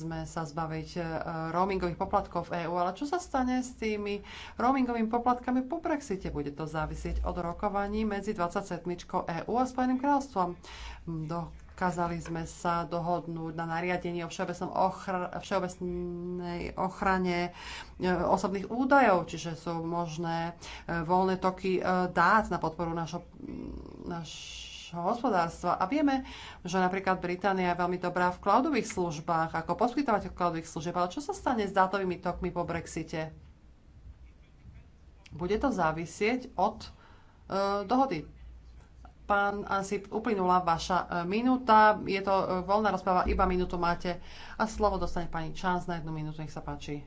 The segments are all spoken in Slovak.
sme sa zbaviť e, roamingových poplatkov v EÚ, ale čo sa stane s tými roamingovými poplatkami po Brexite? Bude to závisieť od rokovaní medzi 27. EÚ a Spojeným kráľstvom. Dokázali sme sa dohodnúť na nariadení o ochr- všeobecnej ochrane e, osobných údajov, čiže sú možné e, voľné toky dát na podporu našo, naš nášho hospodárstva. A vieme, že napríklad Británia je veľmi dobrá v cloudových službách, ako poskytovateľ cloudových služieb, ale čo sa stane s dátovými tokmi po Brexite? Bude to závisieť od e, dohody. Pán Ansip, uplynula vaša e, minúta. Je to e, voľná rozpráva, iba minútu máte. A slovo dostane pani Čans na jednu minútu, nech sa páči.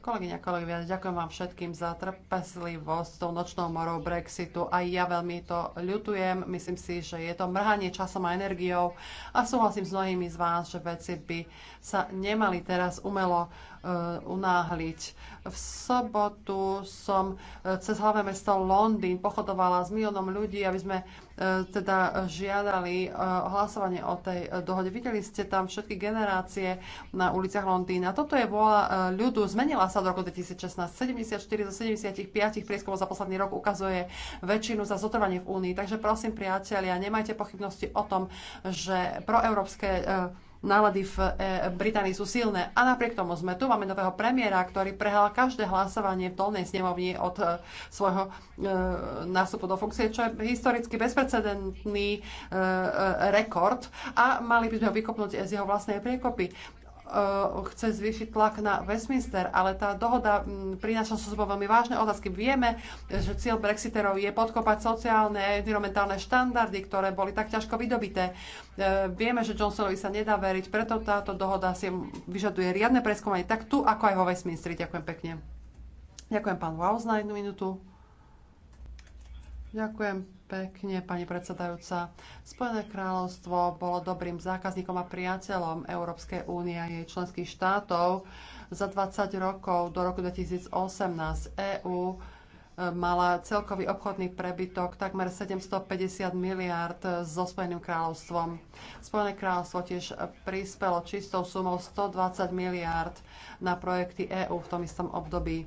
Kolegyňa, kolegovia, ďakujem vám všetkým za trpezlivosť s tou nočnou morou Brexitu. Aj ja veľmi to ľutujem. Myslím si, že je to mrhanie časom a energiou a súhlasím s mnohými z vás, že veci by sa nemali teraz umelo Eh, unáhliť. V sobotu som eh, cez hlavné mesto Londýn pochodovala s miliónom ľudí, aby sme eh, teda žiadali hlasovanie o tej dohode. Videli ste tam všetky generácie na uliciach Londýna. Toto je vola ľudu, zmenila sa do roku 2016. 74 zo 75 prieskumov za posledný rok ukazuje väčšinu za zotrvanie v Únii. Takže prosím, priatelia, nemajte pochybnosti o tom, že proeurópske nálady e, v Británii sú silné. A napriek tomu sme tu, máme nového premiéra, ktorý prehral každé hlasovanie v dolnej snemovni od e, svojho e, nástupu do funkcie, čo je historicky bezprecedentný rekord a mali by sme ho vykopnúť z jeho vlastnej priekopy. Eh, chce zvýšiť tlak na Westminster, ale tá dohoda mm, prináša so sebou veľmi vážne otázky. Vieme, že cieľ Brexiterov je podkopať sociálne a environmentálne štandardy, ktoré boli tak ťažko vydobité. Eh, vieme, že Johnsonovi sa nedá veriť, preto táto dohoda si vyžaduje riadne preskúmanie tak tu, ako aj vo Westminstri. Ďakujem pekne. Ďakujem pán Waus na jednu minútu. Ďakujem pekne, pani predsedajúca. Spojené kráľovstvo bolo dobrým zákazníkom a priateľom Európskej únie a jej členských štátov. Za 20 rokov do roku 2018 EÚ e, mala celkový obchodný prebytok takmer 750 miliárd so Spojeným kráľovstvom. Spojené kráľovstvo tiež prispelo čistou sumou 120 miliárd na projekty EÚ v tom istom období.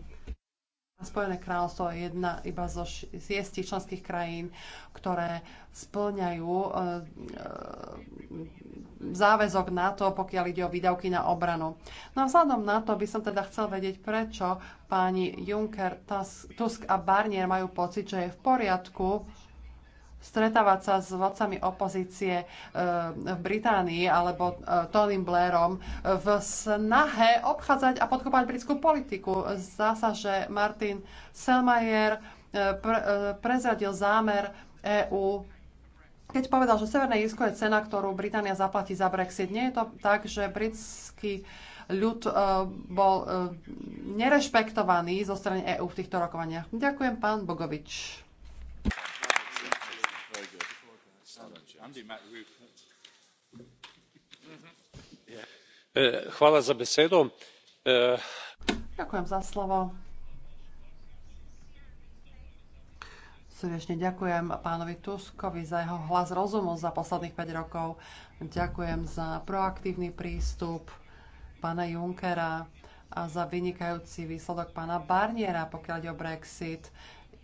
Spojené kráľovstvo je jedna iba zo šiestich členských krajín, ktoré splňajú e, e, záväzok na to, pokiaľ ide o výdavky na obranu. No a vzhľadom na to by som teda chcel vedieť, prečo páni Juncker, Tusk a Barnier majú pocit, že je v poriadku stretávať sa s vodcami opozície e, v Británii alebo e, Tonym Blairom v snahe obchádzať a podkopať britskú politiku. Zdá sa, že Martin Selmayer e, prezradil zámer EÚ keď povedal, že Severné Jisko je cena, ktorú Británia zaplatí za Brexit. Nie je to tak, že britský ľud bol nerešpektovaný zo strany EÚ v týchto rokovaniach. Ďakujem, pán Bogovič. Mhm. Eh, eh, ďakujem za slovo. Srdečne ďakujem pánovi Tuskovi za jeho hlas rozumu za posledných 5 rokov. Ďakujem za proaktívny prístup pána Junckera a za vynikajúci výsledok pána Barniera, pokiaľ ide o Brexit.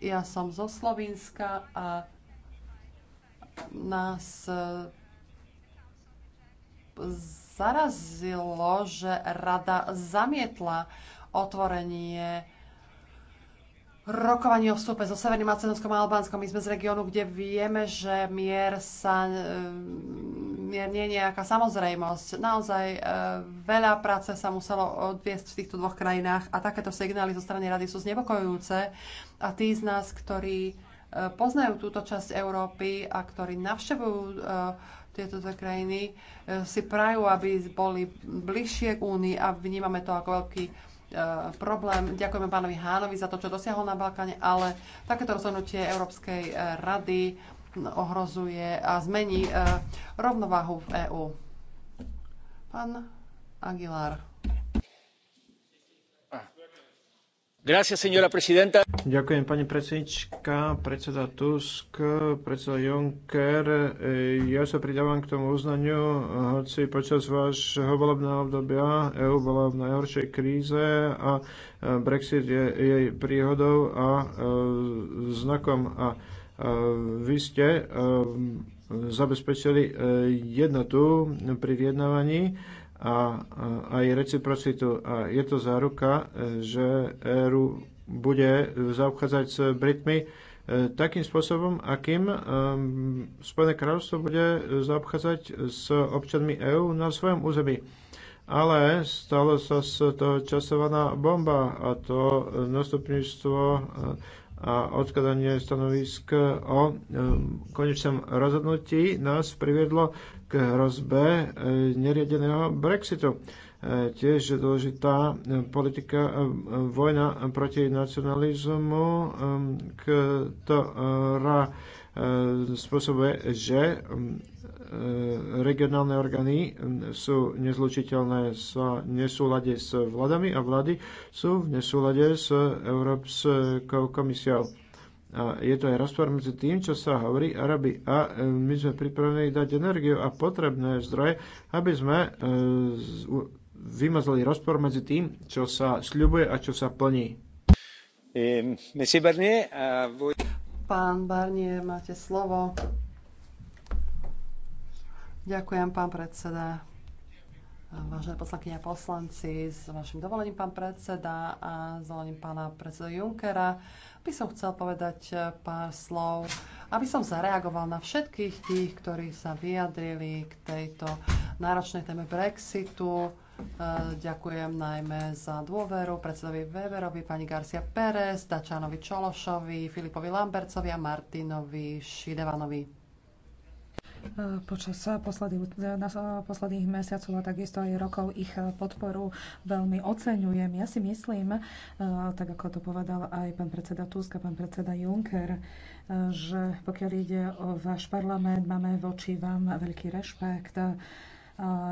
Ja som zo Slovenska a nás e, zarazilo, že rada zamietla otvorenie rokovaní o vstupe so Severným Macedónskom a Albánskom. My sme z regiónu, kde vieme, že mier, sa, e, mier nie je nejaká samozrejmosť. Naozaj e, veľa práce sa muselo odviesť v týchto dvoch krajinách a takéto signály zo strany rady sú znepokojujúce. A tí z nás, ktorí E, poznajú túto časť Európy a ktorí navštevujú e, tieto dve krajiny, e, si prajú, aby boli bližšie k Únii a vnímame to ako veľký problém. Ďakujeme pánovi Hánovi za to, čo dosiahol na Balkáne, ale takéto rozhodnutie Európskej rady ohrozuje a zmení rovnováhu v EÚ. Pán Aguilar. Gracias, Ďakujem, pani predsednička, predseda Tusk, predseda Juncker. E, ja sa pridávam k tomu uznaniu, hoci počas vášho volebného obdobia EU bola v najhoršej kríze a e, Brexit je jej príhodou a e, znakom. A vy ste zabezpečili jednotu pri vyjednávaní a aj reciprocitu. A je to záruka, e, že EU bude zaobchádzať s Britmi e, takým spôsobom, akým e, Spojené kráľovstvo bude zaobchádzať s občanmi EÚ na svojom území. Ale stalo sa z toho časovaná bomba a to nastupníctvo a odkladanie stanovisk o e, konečnom rozhodnutí nás priviedlo k hrozbe e, neriadeného Brexitu. E, tiež je dôležitá politika vojna proti nacionalizmu, ktorá spôsobuje, že E, regionálne orgány sú nezlučiteľné s nesúlade s vládami a vlády sú v nesúlade s Európskou komisiou. A je to aj rozpor medzi tým, čo sa hovorí a robí. E, a my sme pripravení dať energiu a potrebné zdroje, aby sme e, vymazali rozpor medzi tým, čo sa sľubuje a čo sa plní. Pán Barnier, máte slovo. Ďakujem, pán predseda. Vážené poslankyne a poslanci, s vašim dovolením, pán predseda, a s dovolením pána predseda Junkera, by som chcel povedať pár slov, aby som zareagoval na všetkých tých, ktorí sa vyjadrili k tejto náročnej téme Brexitu. E, ďakujem najmä za dôveru predsedovi Weberovi, pani Garcia Pérez, Dačanovi Čološovi, Filipovi Lambercovi a Martinovi Šidevanovi. E, počas e, posledných, e, posledných mesiacov a takisto aj rokov ich podporu veľmi oceňujem. Ja si myslím, tak ako to povedal aj pán predseda Tusk a pán predseda Juncker, že pokiaľ ide o váš parlament, máme voči vám veľký rešpekt.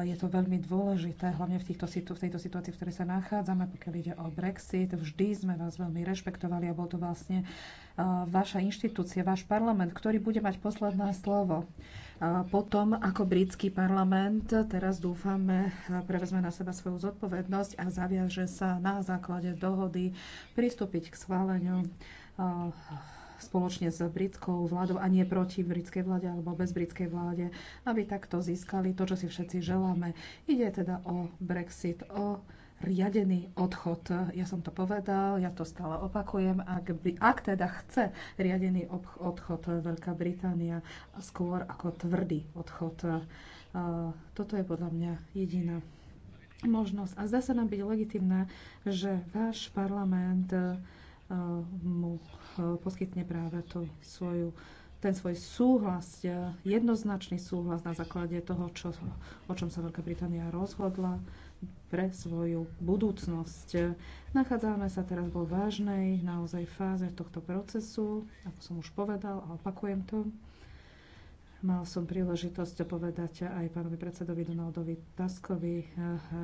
Je to veľmi dôležité, hlavne v, týchto, v tejto situácii, v ktorej sa nachádzame, pokiaľ ide o Brexit. Vždy sme vás veľmi rešpektovali a bol to vlastne vaša inštitúcia, váš parlament, ktorý bude mať posledné slovo potom, ako britský parlament, teraz dúfame, prevezme na seba svoju zodpovednosť a zaviaže sa na základe dohody pristúpiť k schváleniu spoločne s britskou vládou a nie proti britskej vláde alebo bez britskej vláde, aby takto získali to, čo si všetci želáme. Ide teda o Brexit, o riadený odchod. Ja som to povedal, ja to stále opakujem. Ak, by, ak teda chce riadený odchod Veľká Británia skôr ako tvrdý odchod, toto je podľa mňa jediná možnosť. A zdá sa nám byť legitimné, že váš parlament mu poskytne práve tú svoju ten svoj súhlas, jednoznačný súhlas na základe toho, čo, o čom sa Veľká Británia rozhodla pre svoju budúcnosť. Nachádzame sa teraz vo vážnej naozaj fáze tohto procesu, ako som už povedal a opakujem to. Mal som príležitosť povedať aj pánovi predsedovi Donaldovi Taskovi,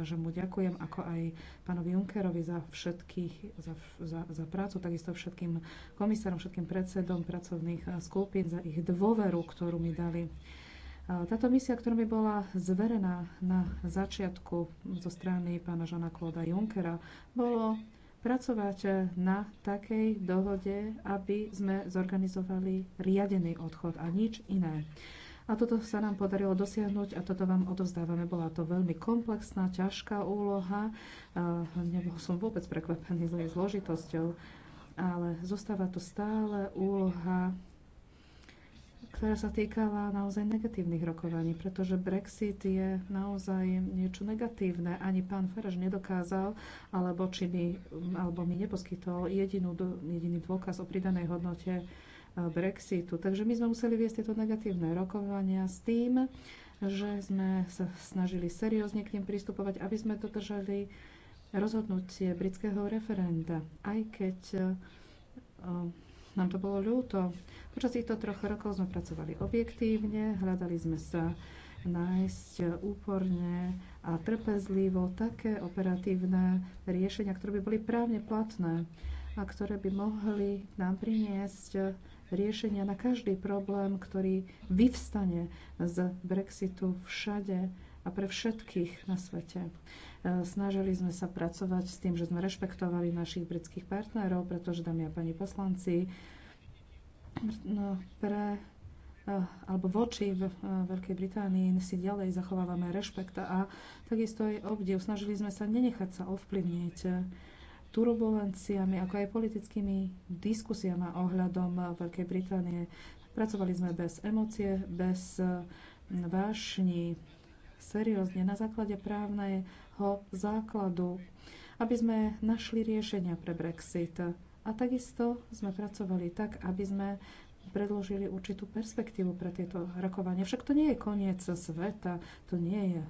že mu ďakujem, ako aj pánovi Junckerovi za všetkých, za, za, za prácu, takisto všetkým komisárom, všetkým predsedom pracovných skupín, za ich dôveru, ktorú mi dali. Táto misia, ktorá mi bola zverená na začiatku zo strany pána Žana Klóda Junckera, bolo pracovať na takej dohode, aby sme zorganizovali riadený odchod a nič iné. A toto sa nám podarilo dosiahnuť a toto vám odovzdávame. Bola to veľmi komplexná, ťažká úloha. Nebol som vôbec prekvapený zlej zložitosťou, ale zostáva to stále úloha ktorá sa týkala naozaj negatívnych rokovaní, pretože Brexit je naozaj niečo negatívne. Ani pán Faraž nedokázal, alebo, či mi alebo mi neposkytol jedinú, jediný dôkaz o pridanej hodnote eh, Brexitu. Takže my sme museli viesť tieto negatívne rokovania s tým, že sme sa snažili seriózne k ním pristupovať, aby sme dodržali rozhodnutie britského referenda. Aj keď eh, nám to bolo ľúto. Počas týchto troch rokov sme pracovali objektívne, hľadali sme sa nájsť úporne a trpezlivo také operatívne riešenia, ktoré by boli právne platné a ktoré by mohli nám priniesť riešenia na každý problém, ktorý vyvstane z Brexitu všade a pre všetkých na svete. Snažili sme sa pracovať s tým, že sme rešpektovali našich britských partnerov, pretože, dámy a pani poslanci, no, pre eh, alebo voči v eh, Veľkej Británii si ďalej zachovávame rešpekt a takisto aj obdiv. Snažili sme sa nenechať sa ovplyvniť turbulenciami, ako aj politickými diskusiami ohľadom Veľkej Británie. Pracovali sme bez emócie, bez eh, vášni, seriózne na základe právneho základu, aby sme našli riešenia pre Brexit. A takisto sme pracovali tak, aby sme predložili určitú perspektívu pre tieto rokovania. Však to nie je koniec sveta, to nie je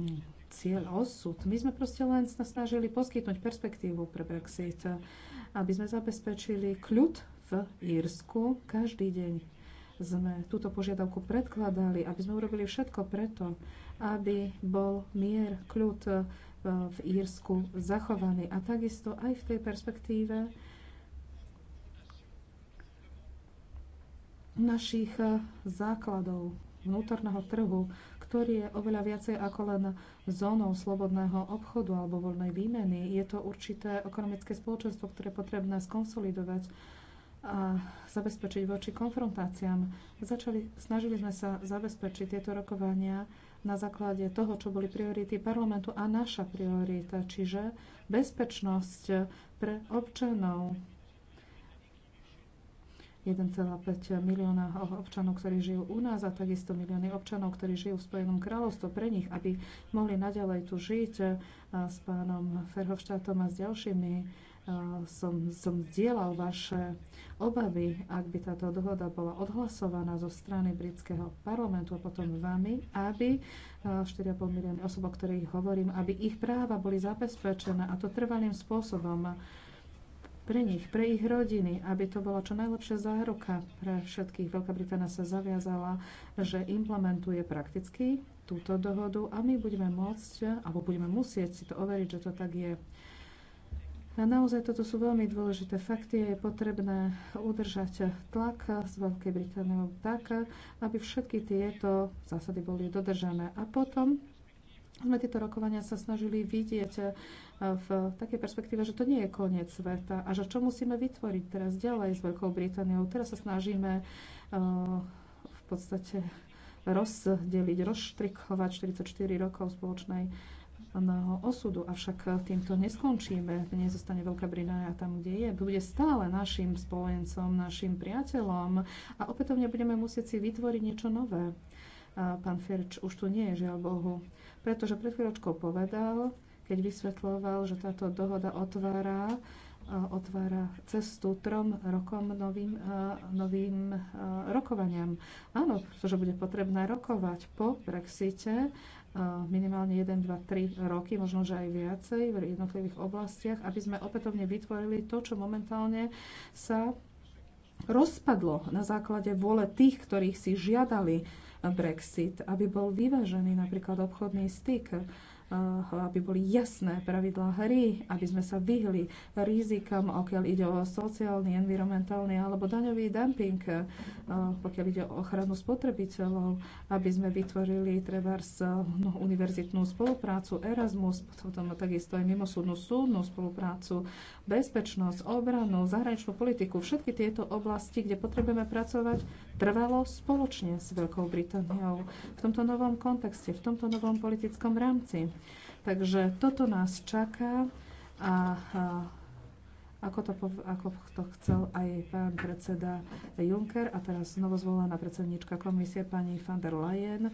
mm, cieľ, osud. My sme proste len snažili poskytnúť perspektívu pre Brexit, aby sme zabezpečili kľud v Írsku každý deň sme túto požiadavku predkladali, aby sme urobili všetko preto, aby bol mier, kľud e, v Írsku zachovaný. A takisto aj v tej perspektíve našich e, základov vnútorného trhu, ktorý je oveľa viacej ako len zónou slobodného obchodu alebo voľnej výmeny. Je to určité ekonomické spoločenstvo, ktoré je potrebné skonsolidovať a zabezpečiť voči konfrontáciám. Začali, snažili sme sa zabezpečiť tieto rokovania na základe toho, čo boli priority parlamentu a naša priorita, čiže bezpečnosť pre občanov. 1,5 milióna občanov, ktorí žijú u nás a takisto milióny občanov, ktorí žijú v Spojenom kráľovstve pre nich, aby mohli naďalej tu žiť s pánom Ferhovštátom a s ďalšími Eh, som, som zdieľal vaše obavy, ak by táto dohoda bola odhlasovaná zo strany britského parlamentu a potom vami, aby 4,5 eh, milióny osob, o ktorých hovorím, aby ich práva boli zabezpečené a to trvalým spôsobom pre nich, pre ich rodiny, aby to bola čo najlepšia záruka pre všetkých. Veľká Británia sa zaviazala, že implementuje prakticky túto dohodu a my budeme môcť, alebo budeme musieť si to overiť, že to tak je. A naozaj toto sú veľmi dôležité fakty a je potrebné udržať tlak z Veľkej Británie tak, aby všetky tieto zásady boli dodržané. A potom sme tieto rokovania sa snažili vidieť eh, v takej perspektíve, že to nie je koniec sveta a že čo musíme vytvoriť teraz ďalej s Veľkou Britániou. Teraz sa snažíme eh, v podstate rozdeliť, rozštrikovať 44 rokov spoločnej osudu. Avšak týmto neskončíme. Nezostane Veľká Británia tam, kde je. Bude stále našim spojencom, našim priateľom a opätovne budeme musieť si vytvoriť niečo nové. A pán Ferč už tu nie je, žiaľ Bohu. Pretože pred chvíľočkou povedal, keď vysvetľoval, že táto dohoda otvára otvára cestu trom rokom novým, novým rokovaniam. Áno, pretože bude potrebné rokovať po Brexite minimálne 1, 2, 3 roky, možno že aj viacej v jednotlivých oblastiach, aby sme opätovne vytvorili to, čo momentálne sa rozpadlo na základe vôle tých, ktorých si žiadali Brexit, aby bol vyvážený napríklad obchodný styk Eh, aby boli jasné pravidlá hry, aby sme sa vyhli rizikám, okiaľ ide o sociálny, environmentálny alebo daňový dumping, eh, pokiaľ ide o ochranu spotrebiteľov, aby sme vytvorili trebárs eh, no, univerzitnú spoluprácu, Erasmus, potom takisto aj mimosúdnu súdnu spoluprácu, bezpečnosť, obranu, zahraničnú politiku, všetky tieto oblasti, kde potrebujeme pracovať trvalo spoločne s Veľkou Britániou v tomto novom kontexte, v tomto novom politickom rámci. Takže toto nás čaká a, a ako to, ako to chcel aj pán predseda Juncker a teraz znovu predsednička komisie pani van der Leyen.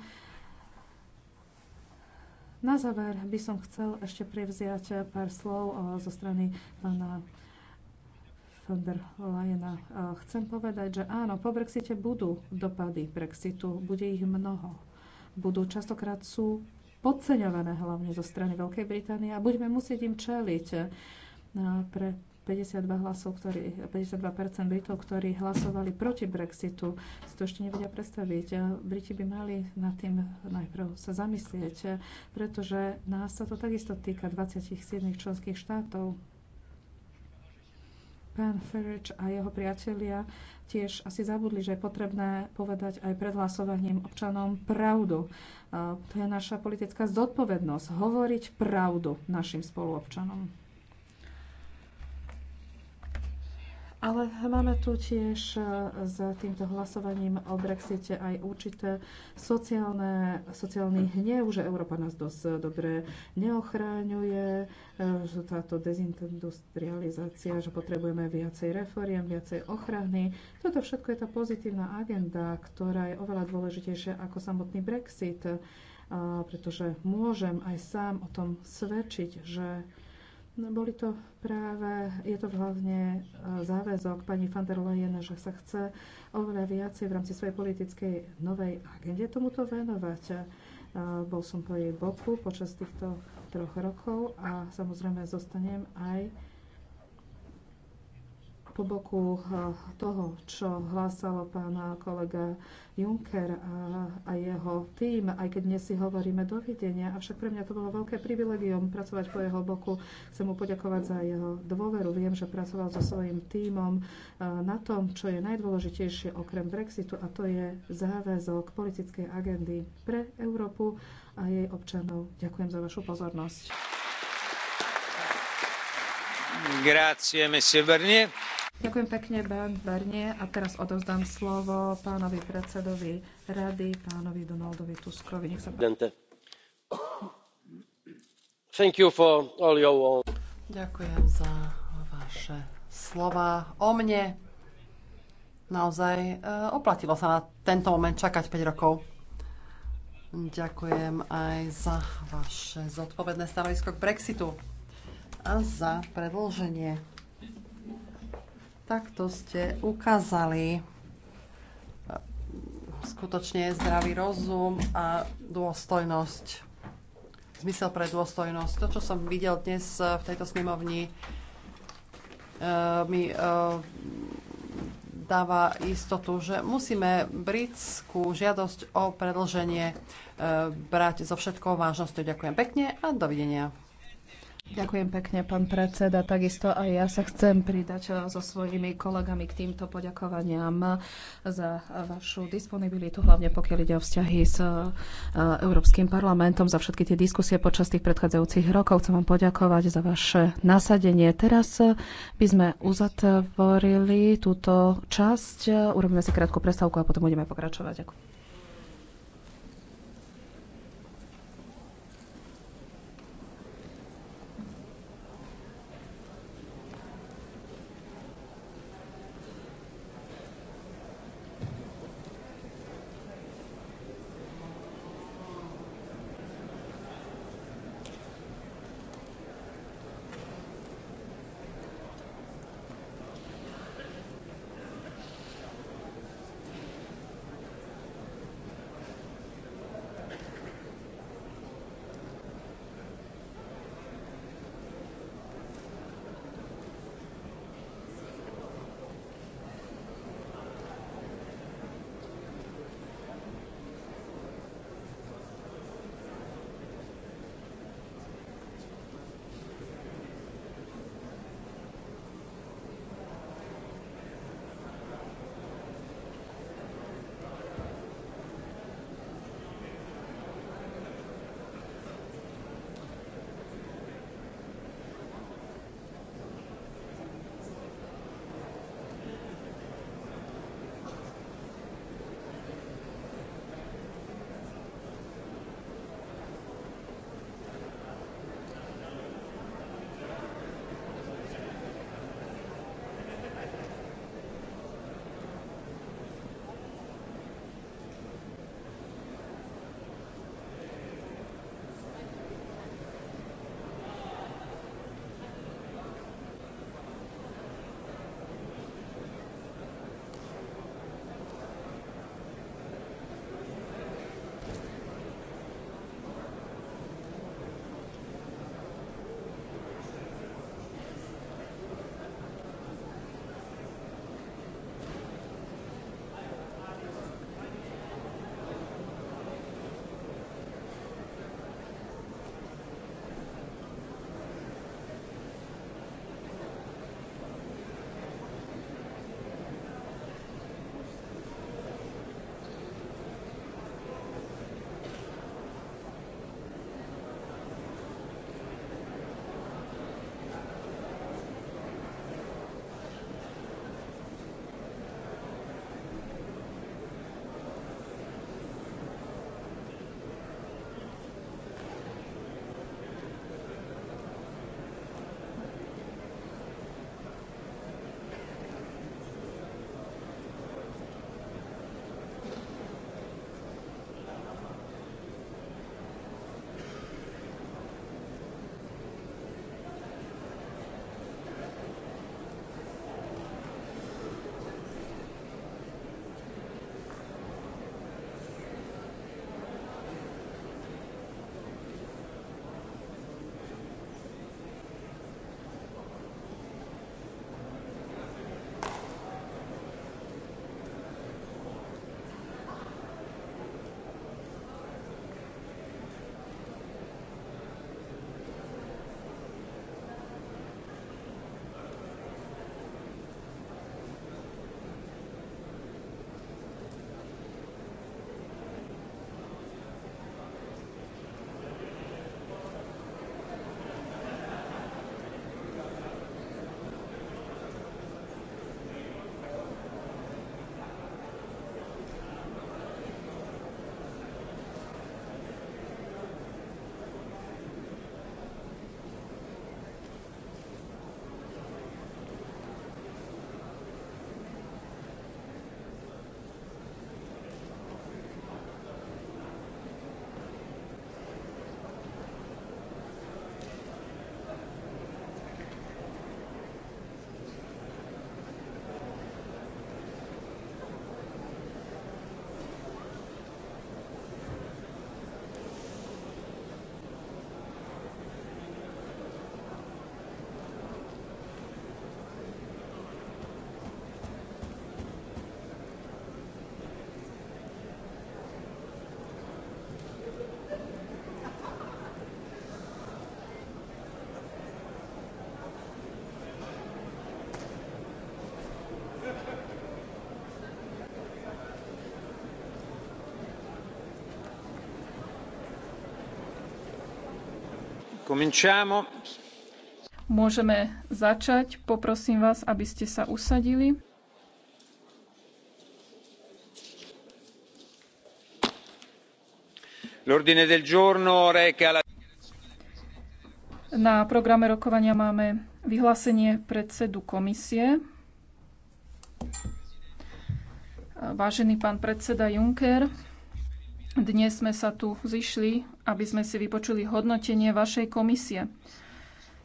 Na záver by som chcel ešte prevziať pár slov eh, zo strany pána der Leyena. Chcem povedať, že áno, po Brexite budú dopady Brexitu, bude ich mnoho. Budú častokrát sú podceňované hlavne zo strany Veľkej Británie a budeme musieť im čeliť pre 52 hlasov, ktorí, 52% Britov, ktorí hlasovali proti Brexitu, si to ešte nevedia predstaviť. Briti by mali nad tým najprv sa zamyslieť, pretože nás sa to takisto týka 27 členských štátov Pán Ferrič a jeho priatelia tiež asi zabudli, že je potrebné povedať aj pred hlasovaním občanom pravdu. To je naša politická zodpovednosť, hovoriť pravdu našim spoluobčanom. Ale máme tu tiež e, s týmto hlasovaním o Brexite aj určité sociálne, sociálny hnev, že Európa nás dosť e, dobre neochráňuje, e, že táto dezindustrializácia, že potrebujeme viacej reforiem, viacej ochrany. Toto všetko je tá pozitívna agenda, ktorá je oveľa dôležitejšia ako samotný Brexit, pretože môžem aj sám o tom svedčiť, že No, boli to práve, je to hlavne e, záväzok pani van der Leyen, že sa chce oveľa viacej v rámci svojej politickej novej agende tomuto venovať. E, bol som po jej boku počas týchto troch rokov a samozrejme zostanem aj po boku eh, toho, čo hlásalo pán kolega Juncker a, a jeho tým, aj keď dnes si hovoríme dovidenia, avšak pre mňa to bolo veľké privilegium pracovať po jeho boku. Chcem mu poďakovať za jeho dôveru. Viem, že pracoval so svojím týmom eh, na tom, čo je najdôležitejšie okrem Brexitu a to je záväzok politickej agendy pre Európu a jej občanov. Ďakujem za vašu pozornosť. Grazie, Ďakujem pekne, Bernd Bernie. A teraz odovzdám slovo pánovi predsedovi rady, pánovi Donaldovi Tuskovi. Nech sa páči. Thank you for all your... Ďakujem za vaše slova o mne. Naozaj e, oplatilo sa na tento moment čakať 5 rokov. Ďakujem aj za vaše zodpovedné stanovisko k Brexitu a za predlženie Takto ste ukázali e, skutočne zdravý rozum a dôstojnosť. Zmysel pre dôstojnosť. To, čo som videl dnes e, v tejto snemovni, e, mi dáva istotu, že musíme britskú žiadosť o predlženie brať so všetkou vážnosťou. Ďakujem pekne a dovidenia. Ďakujem pekne, pán predseda. Takisto aj ja sa chcem pridať eh, so svojimi kolegami k týmto poďakovaniam eh, za vašu disponibilitu, hlavne pokiaľ ide o vzťahy s eh, Európskym parlamentom, za všetky tie diskusie počas tých predchádzajúcich rokov. Chcem vám poďakovať za vaše nasadenie. Teraz by sme uzatvorili túto časť. Urobíme si krátku prestávku a potom budeme pokračovať. Ďakujem. Cominciamo. Môžeme začať. Poprosím vás, aby ste sa usadili. L'ordine del giorno reca la... Na programe rokovania máme vyhlásenie predsedu komisie. Vážený pán predseda Juncker, dnes sme sa tu zišli, aby sme si vypočuli hodnotenie vašej komisie.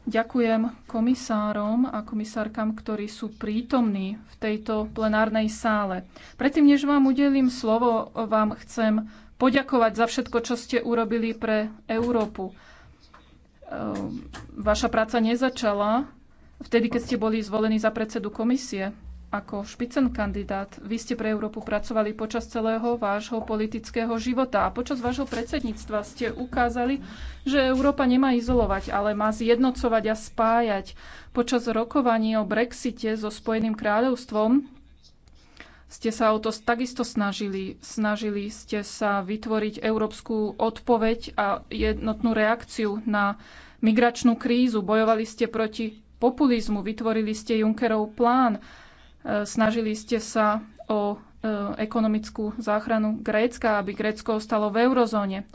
Ďakujem komisárom a komisárkam, ktorí sú prítomní v tejto plenárnej sále. Predtým, než vám udelím slovo, vám chcem poďakovať za všetko, čo ste urobili pre Európu. Ehm, vaša práca nezačala vtedy, keď ste boli zvolení za predsedu komisie ako špicen kandidát. Vy ste pre Európu pracovali počas celého vášho politického života a počas vášho predsedníctva ste ukázali, že Európa nemá izolovať, ale má zjednocovať a spájať. Počas rokovaní o Brexite so Spojeným kráľovstvom ste sa o to takisto snažili. Snažili ste sa vytvoriť európsku odpoveď a jednotnú reakciu na migračnú krízu. Bojovali ste proti populizmu, vytvorili ste Junckerov plán E, snažili ste sa o e, ekonomickú záchranu Grécka, aby Grécko ostalo v eurozóne.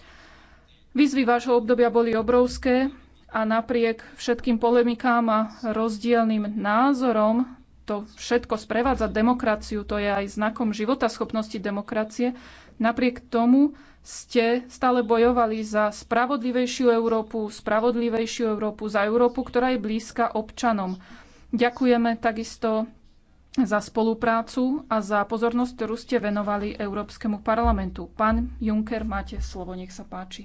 Výzvy vášho obdobia boli obrovské a napriek všetkým polemikám a rozdielným názorom to všetko sprevádza demokraciu, to je aj znakom života schopnosti demokracie. Napriek tomu ste stále bojovali za spravodlivejšiu Európu, spravodlivejšiu Európu, za Európu, ktorá je blízka občanom. Ďakujeme takisto za spoluprácu a za pozornosť, ktorú ste venovali Európskemu parlamentu. Pán Juncker, máte slovo, nech sa páči.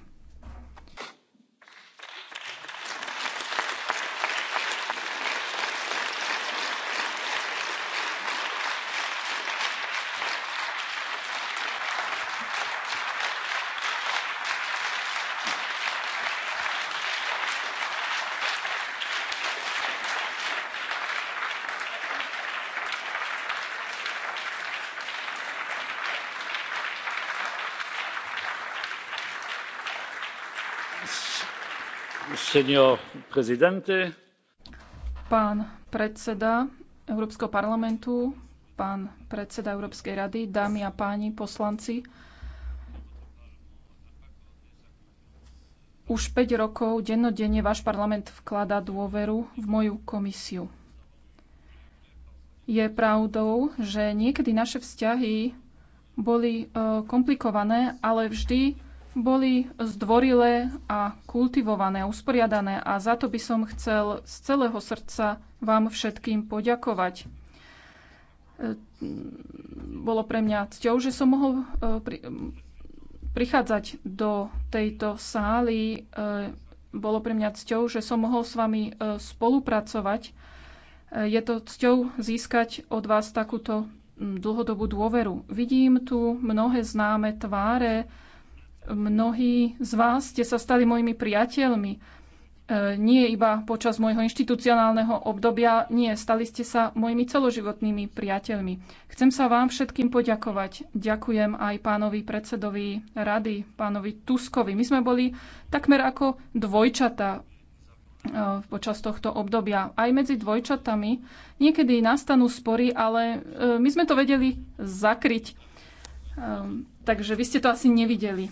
Pán predseda Európskeho parlamentu, pán predseda Európskej rady, dámy a páni poslanci, už 5 rokov dennodenne váš parlament vkladá dôveru v moju komisiu. Je pravdou, že niekedy naše vzťahy boli eh, komplikované, ale vždy boli zdvorilé a kultivované, usporiadané a za to by som chcel z celého srdca vám všetkým poďakovať. E, bolo pre mňa cťou, že som mohol e, prichádzať do tejto sály. E, bolo pre mňa cťou, že som mohol s vami spolupracovať. Je to cťou získať od vás takúto dlhodobú dôveru. Vidím tu mnohé známe tváre, Mnohí z vás ste sa stali mojimi priateľmi. E, nie iba počas môjho inštitucionálneho obdobia, nie, stali ste sa mojimi celoživotnými priateľmi. Chcem sa vám všetkým poďakovať. Ďakujem aj pánovi predsedovi rady, pánovi Tuskovi. My sme boli takmer ako dvojčata e, počas tohto obdobia. Aj medzi dvojčatami niekedy nastanú spory, ale e, my sme to vedeli zakryť. Ehm, Takže vy ste to asi nevideli, e,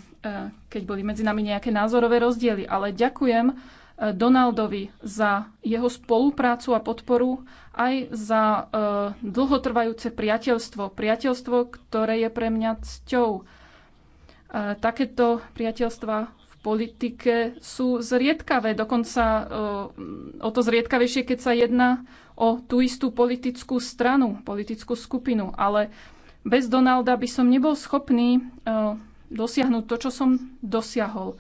keď boli medzi nami nejaké názorové rozdiely. Ale ďakujem e, Donaldovi za jeho spoluprácu a podporu, aj za e, dlhotrvajúce priateľstvo. Priateľstvo, ktoré je pre mňa cťou. Takéto priateľstva v politike sú zriedkavé, dokonca o to zriedkavejšie, keď sa jedná o tú istú politickú stranu, politickú skupinu. Ale bez Donalda by som nebol schopný e, dosiahnuť to, čo som dosiahol.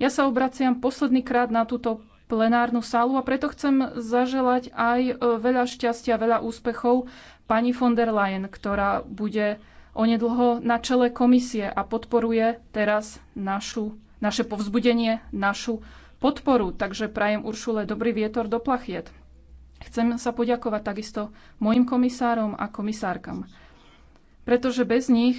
Ja sa obraciam posledný krát na túto plenárnu sálu a preto chcem zaželať aj e, veľa šťastia, veľa úspechov pani von der Leyen, ktorá bude onedlho na čele komisie a podporuje teraz našu, naše povzbudenie, našu podporu. Takže prajem Uršule dobrý vietor do plachiet. Chcem sa poďakovať takisto mojim komisárom a komisárkam pretože bez nich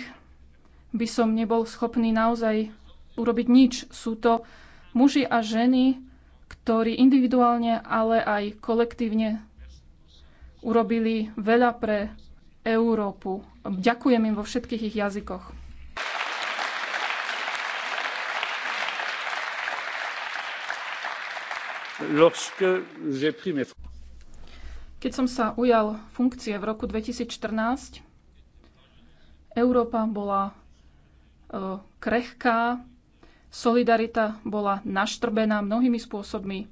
by som nebol schopný naozaj urobiť nič. Sú to muži a ženy, ktorí individuálne, ale aj kolektívne urobili veľa pre Európu. Ďakujem im vo všetkých ich jazykoch. Keď som sa ujal funkcie v roku 2014, Európa bola e, krehká, solidarita bola naštrbená mnohými spôsobmi.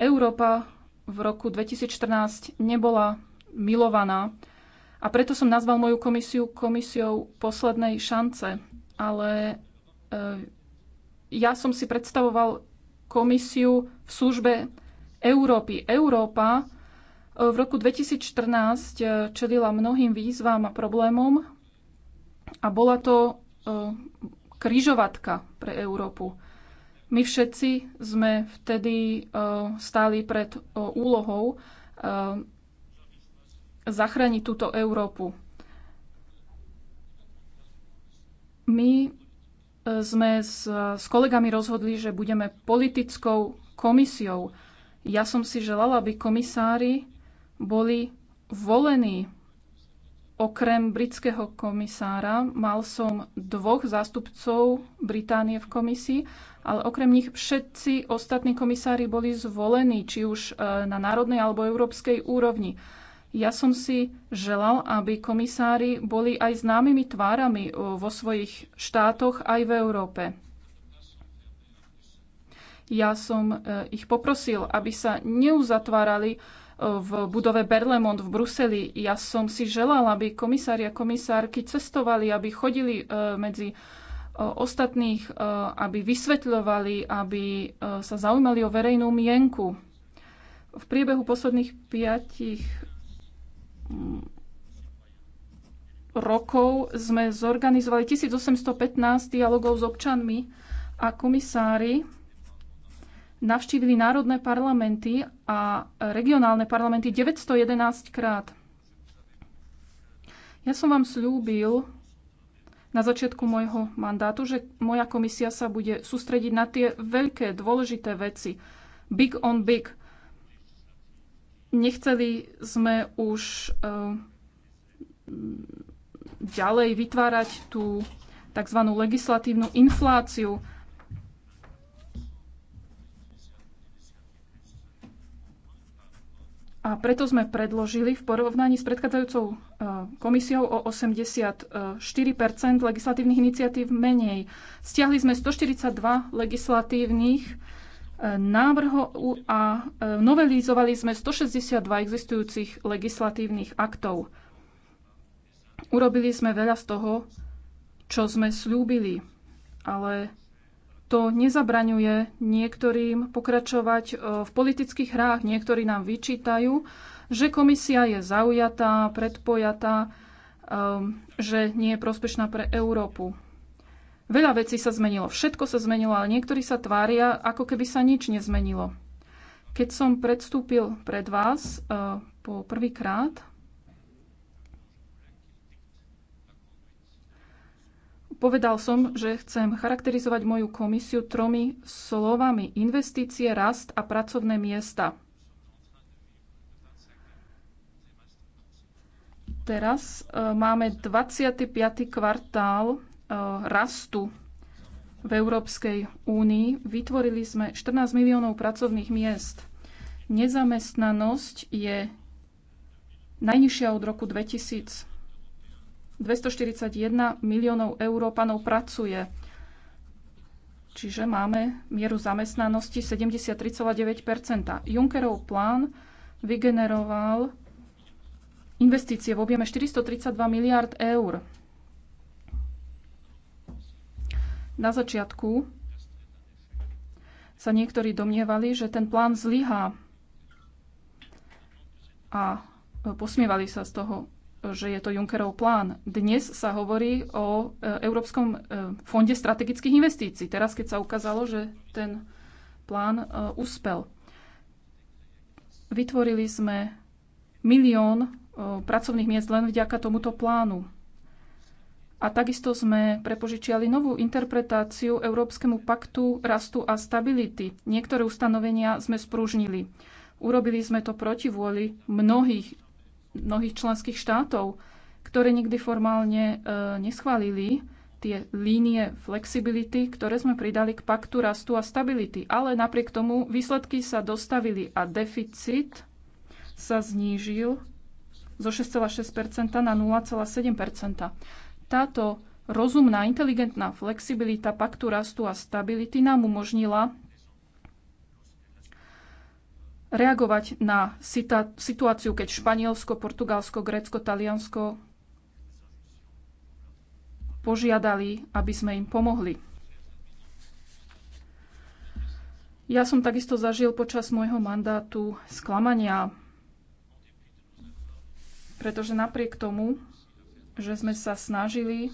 Európa v roku 2014 nebola milovaná a preto som nazval moju komisiu komisiou poslednej šance. Ale e, ja som si predstavoval komisiu v službe Európy. Európa e, v roku 2014 e, čelila mnohým výzvam a problémom, a bola to e, kryžovatka pre Európu. My všetci sme vtedy e, stáli pred e, úlohou zachrániť túto Európu. My sme s, s kolegami rozhodli, že budeme politickou komisiou. Ja som si želala, aby komisári boli volení Okrem britského komisára mal som dvoch zástupcov Británie v komisii, ale okrem nich všetci ostatní komisári boli zvolení, či už e, na národnej alebo európskej úrovni. Ja som si želal, aby komisári boli aj známymi tvárami e, vo svojich štátoch aj v Európe. Ja som e, ich poprosil, aby sa neuzatvárali v budove Berlemont v Bruseli. Ja som si želala, aby komisári a komisárky cestovali, aby chodili e, medzi e, ostatných, e, aby vysvetľovali, aby sa zaujímali o verejnú mienku. V priebehu posledných piatich mm, rokov sme zorganizovali 1815 dialogov s občanmi a komisári navštívili národné parlamenty a regionálne parlamenty 911 krát. Ja som vám slúbil na začiatku môjho mandátu, že moja komisia sa bude sústrediť na tie veľké, dôležité veci. Big on big. Nechceli sme už uh, ďalej vytvárať tú tzv. legislatívnu infláciu, A preto sme predložili v porovnaní s predchádzajúcou e, komisiou o 84 legislatívnych iniciatív menej. Stiahli sme 142 legislatívnych e, návrhov a e, novelizovali sme 162 existujúcich legislatívnych aktov. Urobili sme veľa z toho, čo sme slúbili, ale to nezabraňuje niektorým pokračovať e, v politických hrách. Niektorí nám vyčítajú, že komisia je zaujatá, predpojatá, e, že nie je prospešná pre Európu. Veľa vecí sa zmenilo, všetko sa zmenilo, ale niektorí sa tvária, ako keby sa nič nezmenilo. Keď som predstúpil pred vás e, po prvýkrát Povedal som, že chcem charakterizovať moju komisiu tromi slovami. Investície, rast a pracovné miesta. Teraz e, máme 25. kvartál e, rastu v Európskej únii. Vytvorili sme 14 miliónov pracovných miest. Nezamestnanosť je najnižšia od roku 2000. 241 miliónov Európanov pracuje. Čiže máme mieru zamestnanosti 73,9 Junckerov plán vygeneroval investície v objeme 432 miliard eur. Na začiatku sa niektorí domnievali, že ten plán zlyhá a posmievali sa z toho že je to Junckerov plán. Dnes sa hovorí o e, Európskom e, fonde strategických investícií. Teraz, keď sa ukázalo, že ten plán e, uspel. Vytvorili sme milión pracovných miest len vďaka tomuto plánu. A takisto sme prepožičiali novú interpretáciu Európskemu paktu rastu a stability. Niektoré ustanovenia sme sprúžnili. Urobili sme to proti vôli mnohých mnohých členských štátov, ktoré nikdy formálne e, neschválili tie línie flexibility, ktoré sme pridali k paktu rastu a stability. Ale napriek tomu výsledky sa dostavili a deficit sa znížil zo 6,6 na 0,7 Táto rozumná, inteligentná flexibilita paktu rastu a stability nám umožnila reagovať na situáciu, keď Španielsko, Portugalsko, Grécko, Taliansko požiadali, aby sme im pomohli. Ja som takisto zažil počas môjho mandátu sklamania, pretože napriek tomu, že sme sa snažili,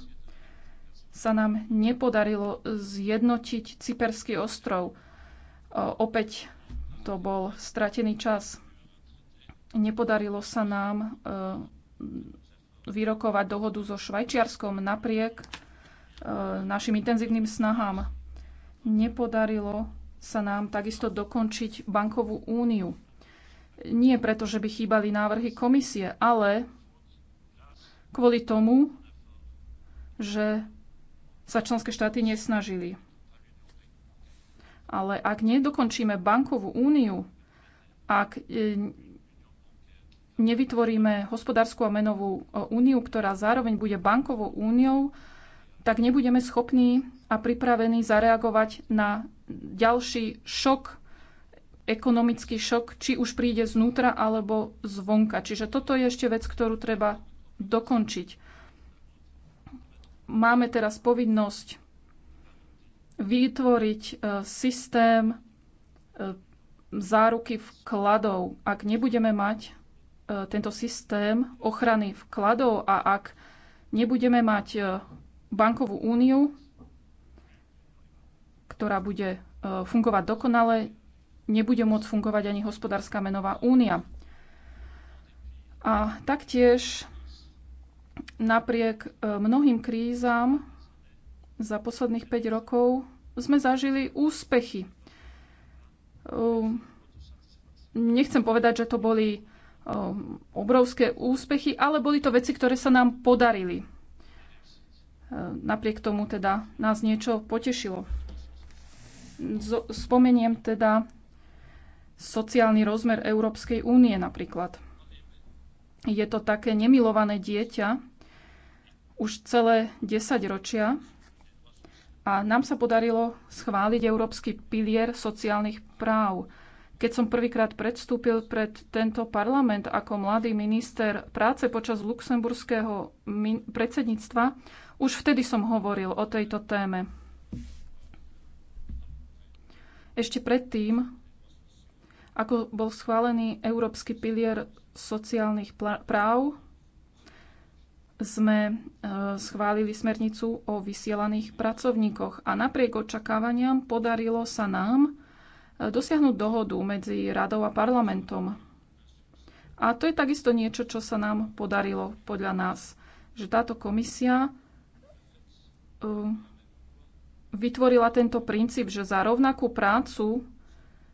sa nám nepodarilo zjednotiť Cyperský ostrov. Opäť to bol stratený čas. Nepodarilo sa nám e, vyrokovať dohodu so Švajčiarskom napriek e, našim intenzívnym snahám. Nepodarilo sa nám takisto dokončiť bankovú úniu. Nie preto, že by chýbali návrhy komisie, ale kvôli tomu, že sa členské štáty nesnažili. Ale ak nedokončíme bankovú úniu, ak e, nevytvoríme hospodárskú a menovú e, úniu, ktorá zároveň bude bankovou úniou, tak nebudeme schopní a pripravení zareagovať na ďalší šok, ekonomický šok, či už príde znútra alebo zvonka. Čiže toto je ešte vec, ktorú treba dokončiť. Máme teraz povinnosť vytvoriť e, systém e, záruky vkladov. Ak nebudeme mať e, tento systém ochrany vkladov a ak nebudeme mať bankovú úniu, ktorá bude fungovať dokonale, nebude môcť fungovať ani hospodárska menová únia. A taktiež napriek mnohým krízam za posledných 5 rokov sme zažili úspechy. Ehm, nechcem povedať, že to boli ehm, obrovské úspechy, ale boli to veci, ktoré sa nám podarili. Ehm, napriek tomu teda nás niečo potešilo. Spomeniem teda sociálny rozmer Európskej únie napríklad. Je to také nemilované dieťa už celé 10 ročia a nám sa podarilo schváliť Európsky pilier sociálnych práv. Keď som prvýkrát predstúpil pred tento parlament ako mladý minister práce počas luxemburského predsedníctva, už vtedy som hovoril o tejto téme. Ešte predtým, ako bol schválený Európsky pilier sociálnych práv, sme e, schválili smernicu o vysielaných pracovníkoch a napriek očakávaniam podarilo sa nám e, dosiahnuť dohodu medzi radou a parlamentom. A to je takisto niečo, čo sa nám podarilo podľa nás, že táto komisia e, vytvorila tento princíp, že za rovnakú prácu,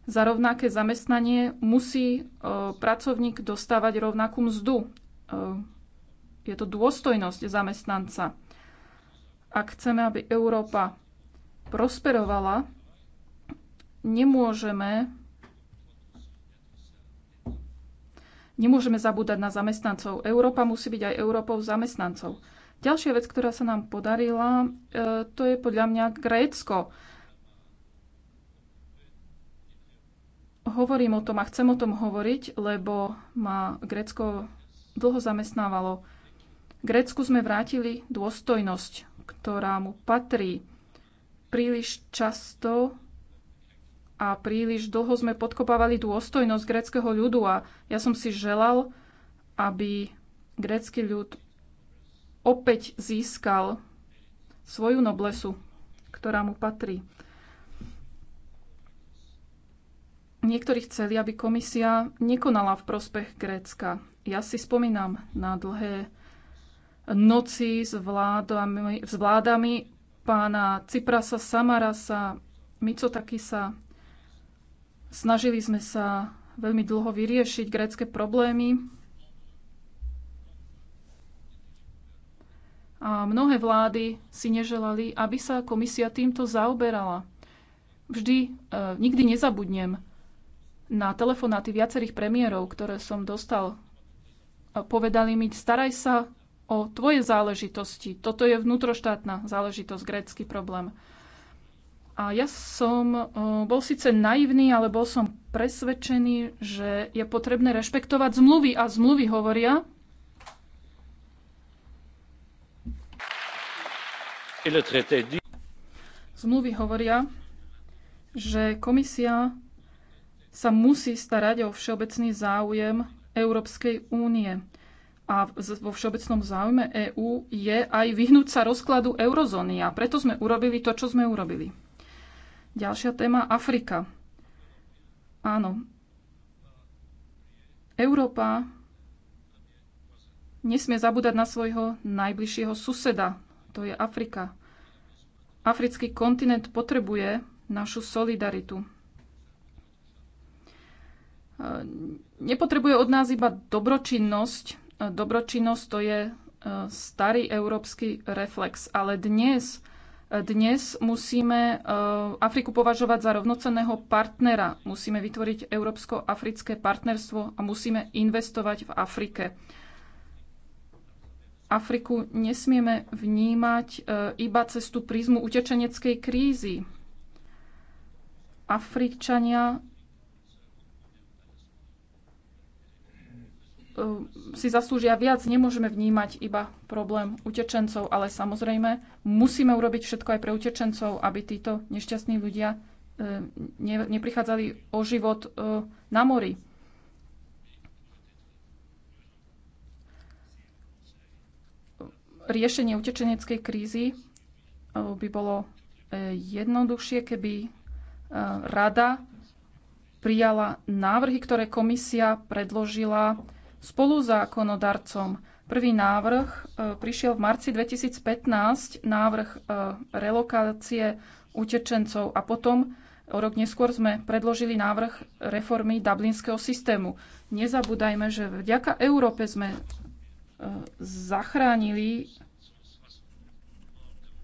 za rovnaké zamestnanie musí pracovník dostávať rovnakú mzdu je to dôstojnosť zamestnanca. Ak chceme, aby Európa prosperovala, nemôžeme Nemôžeme zabúdať na zamestnancov. Európa musí byť aj Európou zamestnancov. Ďalšia vec, ktorá sa nám podarila, e, to je podľa mňa Grécko. Hovorím o tom a chcem o tom hovoriť, lebo ma Grécko dlho zamestnávalo Grécku sme vrátili dôstojnosť, ktorá mu patrí. Príliš často a príliš dlho sme podkopávali dôstojnosť gréckého ľudu a ja som si želal, aby grécky ľud opäť získal svoju noblesu, ktorá mu patrí. Niektorí chceli, aby komisia nekonala v prospech Grécka. Ja si spomínam na dlhé noci s vládami, s vládami pána Ciprasa, Samarasa, Micotakisa. Snažili sme sa veľmi dlho vyriešiť grécké problémy. A mnohé vlády si neželali, aby sa komisia týmto zaoberala. Vždy, e, nikdy nezabudnem na telefonáty viacerých premiérov, ktoré som dostal. Povedali mi, staraj sa o tvoje záležitosti. Toto je vnútroštátna záležitosť, grécky problém. A ja som e, bol síce naivný, ale bol som presvedčený, že je potrebné rešpektovať zmluvy. A zmluvy hovoria... Zmluvy hovoria, že komisia sa musí starať o všeobecný záujem Európskej únie a vo všeobecnom záujme EÚ je aj vyhnúť sa rozkladu eurozóny a preto sme urobili to, čo sme urobili. Ďalšia téma Afrika. Áno. Európa nesmie zabúdať na svojho najbližšieho suseda. To je Afrika. Africký kontinent potrebuje našu solidaritu nepotrebuje od nás iba dobročinnosť Dobročinnosť to je e, starý európsky reflex, ale dnes e, dnes musíme e, Afriku považovať za rovnocenného partnera. Musíme vytvoriť európsko-africké partnerstvo a musíme investovať v Afrike. Afriku nesmieme vnímať iba cez tú prízmu utečeneckej krízy. Afričania Eh, si zaslúžia viac. Nemôžeme vnímať iba problém utečencov, ale samozrejme musíme urobiť všetko aj pre utečencov, aby títo nešťastní ľudia eh, neprichádzali o život eh, na mori. Riešenie utečeneckej krízy by bolo jednoduchšie, keby rada prijala návrhy, ktoré komisia predložila spoluzákonodarcom. Prvý návrh e, prišiel v marci 2015, návrh e, relokácie utečencov a potom e, o rok neskôr sme predložili návrh reformy dublinského systému. Nezabúdajme, že vďaka Európe sme zachránili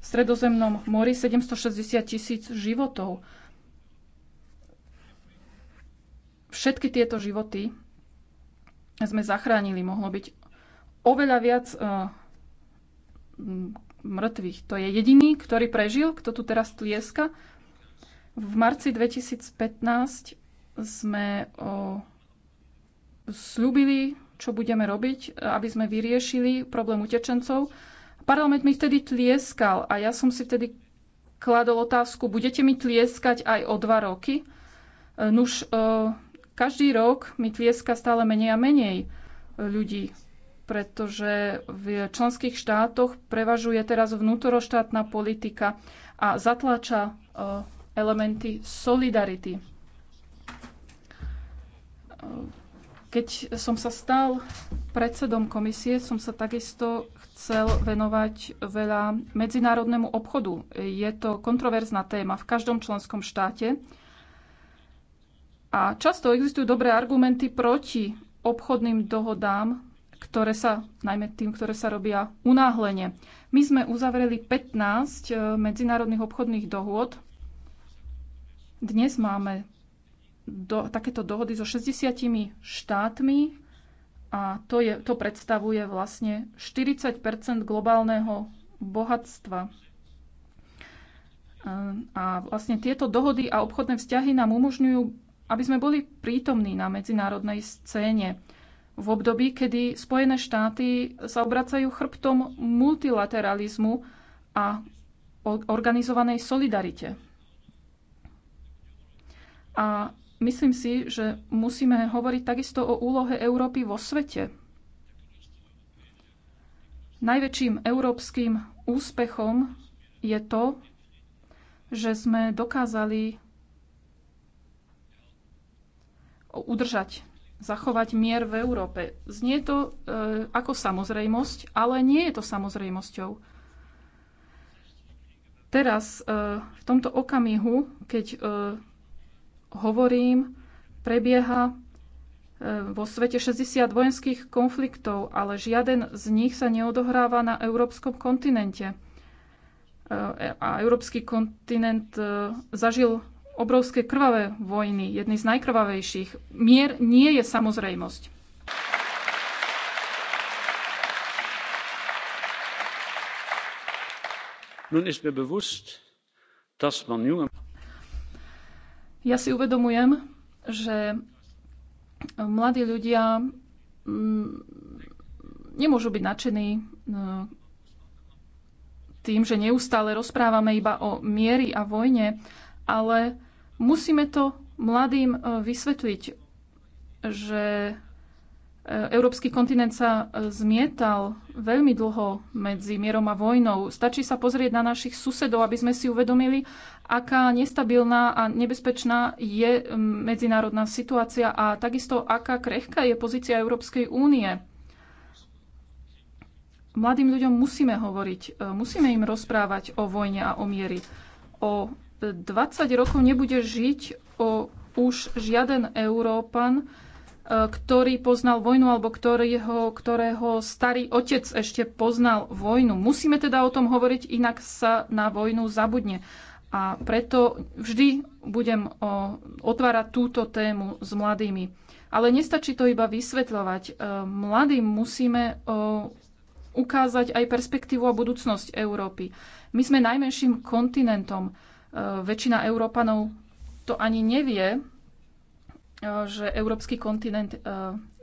v Stredozemnom mori 760 tisíc životov. Všetky tieto životy sme zachránili. Mohlo byť oveľa viac uh, mŕtvych. To je jediný, ktorý prežil, kto tu teraz tlieska. V marci 2015 sme uh, slúbili, čo budeme robiť, aby sme vyriešili problém utečencov. Parlament mi vtedy tlieskal a ja som si vtedy kladol otázku, budete mi tlieskať aj o dva roky? Eh, nuž, uh, každý rok mi tlieska stále menej a menej e, ľudí, pretože v členských štátoch prevažuje teraz vnútoroštátna politika a zatlača e, elementy solidarity. E, keď som sa stal predsedom komisie, som sa takisto chcel venovať veľa medzinárodnému obchodu. Je to kontroverzná téma v každom členskom štáte a často existujú dobré argumenty proti obchodným dohodám, ktoré sa, najmä tým, ktoré sa robia unáhlenie. My sme uzavreli 15 e, medzinárodných obchodných dohôd. Dnes máme do, takéto dohody so 60 štátmi a to, je, to predstavuje vlastne 40 globálneho bohatstva. E, a vlastne tieto dohody a obchodné vzťahy nám umožňujú aby sme boli prítomní na medzinárodnej scéne v období, kedy Spojené štáty sa obracajú chrbtom multilateralizmu a organizovanej solidarite. A myslím si, že musíme hovoriť takisto o úlohe Európy vo svete. Najväčším európskym úspechom je to, že sme dokázali udržať, zachovať mier v Európe. Znie to e, ako samozrejmosť, ale nie je to samozrejmosťou. Teraz, e, v tomto okamihu, keď e, hovorím, prebieha e, vo svete 60 vojenských konfliktov, ale žiaden z nich sa neodohráva na európskom kontinente. E, a európsky kontinent e, zažil obrovské krvavé vojny, jedny z najkrvavejších. Mier nie je samozrejmosť. Nun ist mir bewusst, dass man Ja si uvedomujem, že mladí ľudia mm, nemôžu byť nadšení mm, tým, že neustále rozprávame iba o miery a vojne, ale musíme to mladým e, vysvetliť, že e, európsky kontinent sa e, zmietal veľmi dlho medzi mierom a vojnou. Stačí sa pozrieť na našich susedov, aby sme si uvedomili, aká nestabilná a nebezpečná je medzinárodná situácia a takisto aká krehká je pozícia Európskej únie mladým ľuďom musíme hovoriť, musíme im rozprávať o vojne a o miery, o 20 rokov nebude žiť o už žiaden Európan, e, ktorý poznal vojnu alebo ktorého, ktorého starý otec ešte poznal vojnu. Musíme teda o tom hovoriť, inak sa na vojnu zabudne. A preto vždy budem otvárať túto tému s mladými. Ale nestačí to iba vysvetľovať. E, Mladým musíme ukázať aj perspektívu a budúcnosť Európy. My sme najmenším kontinentom Eh, väčšina Európanov to ani nevie, eh, že európsky kontinent eh,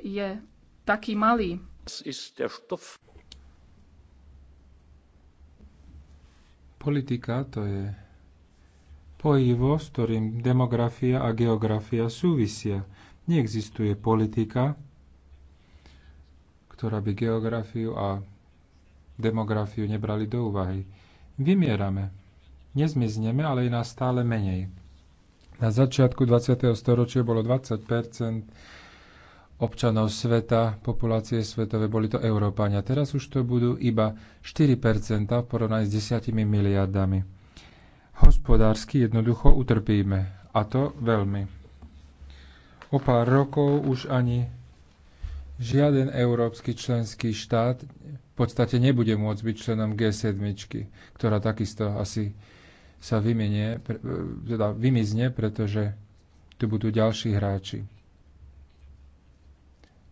je taký malý. Politika to je pojivo, s ktorým demografia a geografia súvisia. Neexistuje politika, ktorá by geografiu a demografiu nebrali do úvahy. Vymierame. Nezmizneme, ale je nás stále menej. Na začiatku 20. storočia bolo 20 občanov sveta, populácie svetovej, boli to Európania. Teraz už to budú iba 4 v porovnaní s 10 miliardami. Hospodársky jednoducho utrpíme. A to veľmi. O pár rokov už ani žiaden európsky členský štát v podstate nebude môcť byť členom G7, ktorá takisto asi sa vymenie, e, teda vymizne, pretože tu budú ďalší hráči.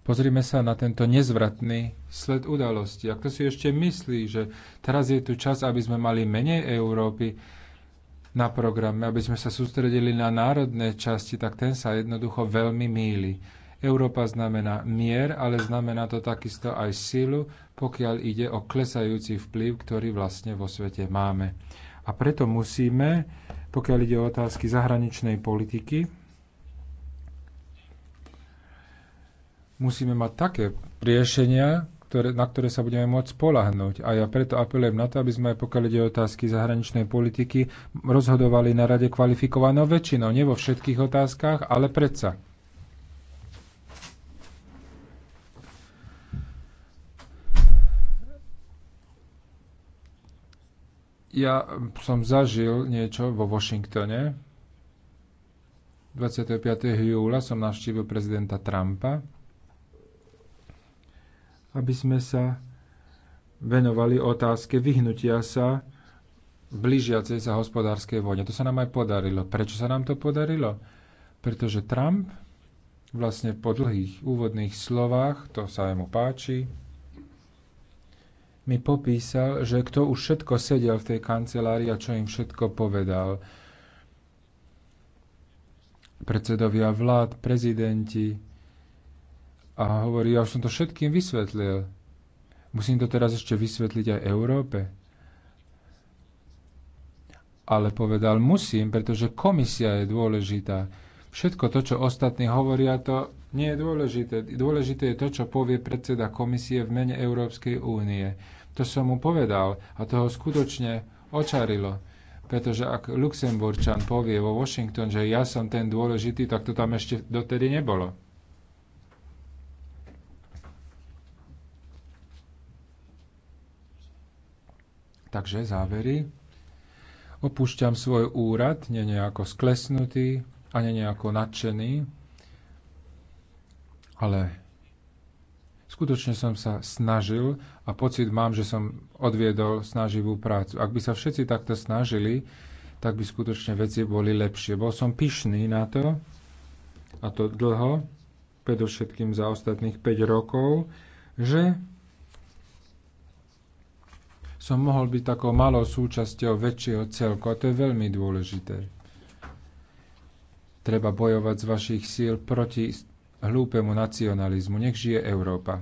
Pozrime sa na tento nezvratný sled udalosti. Ak to si ešte myslí, že teraz je tu čas, aby sme mali menej Európy na programe, aby sme sa sústredili na národné časti, tak ten sa jednoducho veľmi míli. Európa znamená mier, ale znamená to takisto aj silu, pokiaľ ide o klesajúci vplyv, ktorý vlastne vo svete máme. A preto musíme, pokiaľ ide o otázky zahraničnej politiky, musíme mať také riešenia, ktoré, na ktoré sa budeme môcť spolahnúť. A ja preto apelujem na to, aby sme aj pokiaľ ide o otázky zahraničnej politiky rozhodovali na rade kvalifikovanou väčšinou. Nie vo všetkých otázkach, ale predsa. Ja som zažil niečo vo Washingtone. 25. júla som navštívil prezidenta Trumpa, aby sme sa venovali otázke vyhnutia sa blížiacej sa hospodárskej vojne. To sa nám aj podarilo. Prečo sa nám to podarilo? Pretože Trump vlastne po dlhých úvodných slovách, to sa mu páči, mi popísal, že kto už všetko sedel v tej kancelárii a čo im všetko povedal. Predsedovia vlád, prezidenti. A hovorí, ja už som to všetkým vysvetlil. Musím to teraz ešte vysvetliť aj Európe. Ale povedal, musím, pretože komisia je dôležitá. Všetko to, čo ostatní hovoria, to nie je dôležité. Dôležité je to, čo povie predseda komisie v mene Európskej únie. To som mu povedal a to ho skutočne očarilo. Pretože ak Luxemburčan povie vo Washington, že ja som ten dôležitý, tak to tam ešte dotedy nebolo. Takže závery. Opúšťam svoj úrad, nie nejako sklesnutý a nie nejako nadšený, ale skutočne som sa snažil a pocit mám, že som odviedol snaživú prácu. Ak by sa všetci takto snažili, tak by skutočne veci boli lepšie. Bol som pyšný na to a to dlho, predovšetkým za ostatných 5 rokov, že som mohol byť takou malou súčasťou väčšieho celku a to je veľmi dôležité. Treba bojovať z vašich síl proti hlúpemu nacionalizmu. Nech žije Európa.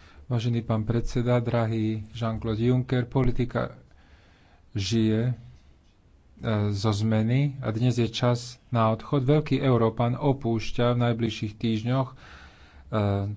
Vážený pán predseda, drahý Jean-Claude Juncker, politika žije e, zo zmeny a dnes je čas na odchod. Veľký Európan opúšťa v najbližších týždňoch e,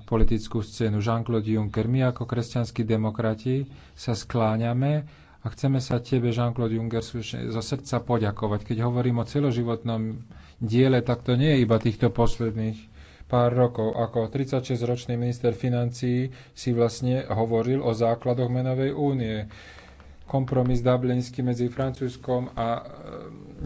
politickú scénu. Jean-Claude Juncker, my ako kresťanskí demokrati sa skláňame a chceme sa tebe, Jean-Claude Juncker, zo srdca poďakovať. Keď hovorím o celoživotnom diele, tak to nie je iba týchto posledných pár rokov. Ako 36-ročný minister financií si vlastne hovoril o základoch menovej únie. Kompromis dublinský medzi Francúzskom a e,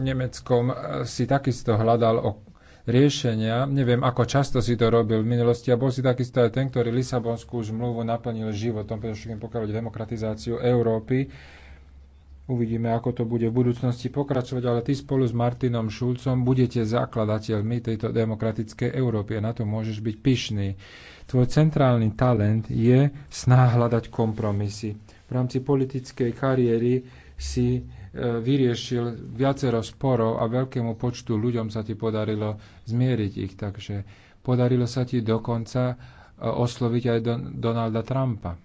Nemeckom e, si takisto hľadal o riešenia. Neviem, ako často si to robil v minulosti a bol si takisto aj ten, ktorý Lisabonskú zmluvu naplnil životom, predovšetkým pokiaľ ide demokratizáciu Európy Uvidíme, ako to bude v budúcnosti pokračovať, ale ty spolu s Martinom Šulcom budete zakladateľmi tejto demokratickej Európy a na to môžeš byť pyšný. Tvoj centrálny talent je sná hľadať kompromisy. V rámci politickej kariéry si e, vyriešil viacero sporov a veľkému počtu ľuďom sa ti podarilo zmieriť ich. Takže podarilo sa ti dokonca e, osloviť aj Donalda Trumpa.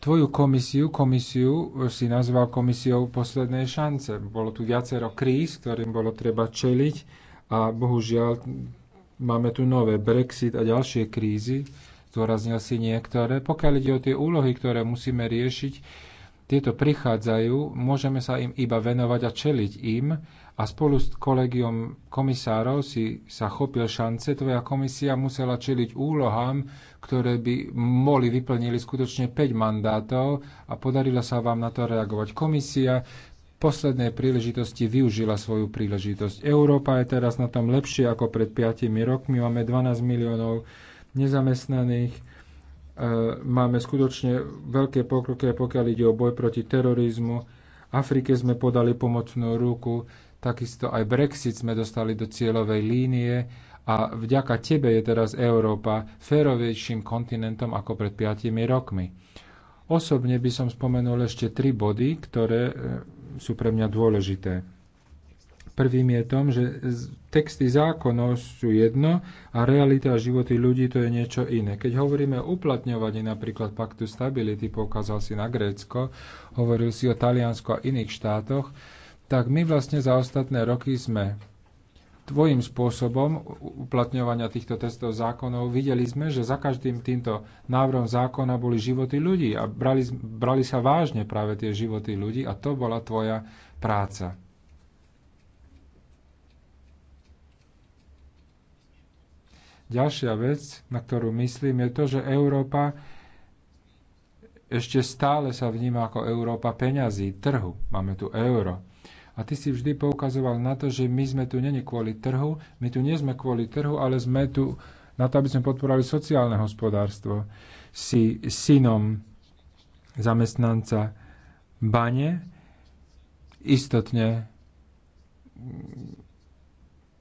Tvoju komisiu, komisiu eh, si nazval komisiou poslednej šance. Bolo tu viacero kríz, ktorým bolo treba čeliť a bohužiaľ máme tu nové Brexit a ďalšie krízy, zdôraznil si niektoré. Pokiaľ ide o tie úlohy, ktoré musíme riešiť, tieto prichádzajú, môžeme sa im iba venovať a čeliť im a spolu s kolegiom komisárov si sa chopil šance, tvoja komisia musela čeliť úlohám, ktoré by boli vyplnili skutočne 5 mandátov a podarilo sa vám na to reagovať. Komisia poslednej príležitosti využila svoju príležitosť. Európa je teraz na tom lepšie ako pred 5 rokmi. Máme 12 miliónov nezamestnaných, E, máme skutočne veľké pokroky, pokiaľ ide o boj proti terorizmu. Afrike sme podali pomocnú ruku, takisto aj Brexit sme dostali do cieľovej línie a vďaka tebe je teraz Európa férovejším kontinentom ako pred 5 rokmi. Osobne by som spomenul ešte tri body, ktoré e, sú pre mňa dôležité. Prvým je tom, že texty zákonov sú jedno a realita a životy ľudí to je niečo iné. Keď hovoríme o uplatňovaní napríklad paktu stability, poukázal si na Grécko, hovoril si o Taliansko a iných štátoch, tak my vlastne za ostatné roky sme tvojim spôsobom uplatňovania týchto testov zákonov videli sme, že za každým týmto návrhom zákona boli životy ľudí a brali, brali sa vážne práve tie životy ľudí a to bola tvoja práca. Ďalšia vec, na ktorú myslím, je to, že Európa ešte stále sa vníma ako Európa peňazí, trhu. Máme tu euro. A ty si vždy poukazoval na to, že my sme tu není kvôli trhu, my tu nie sme kvôli trhu, ale sme tu na to, aby sme podporovali sociálne hospodárstvo. Si synom zamestnanca bane, istotne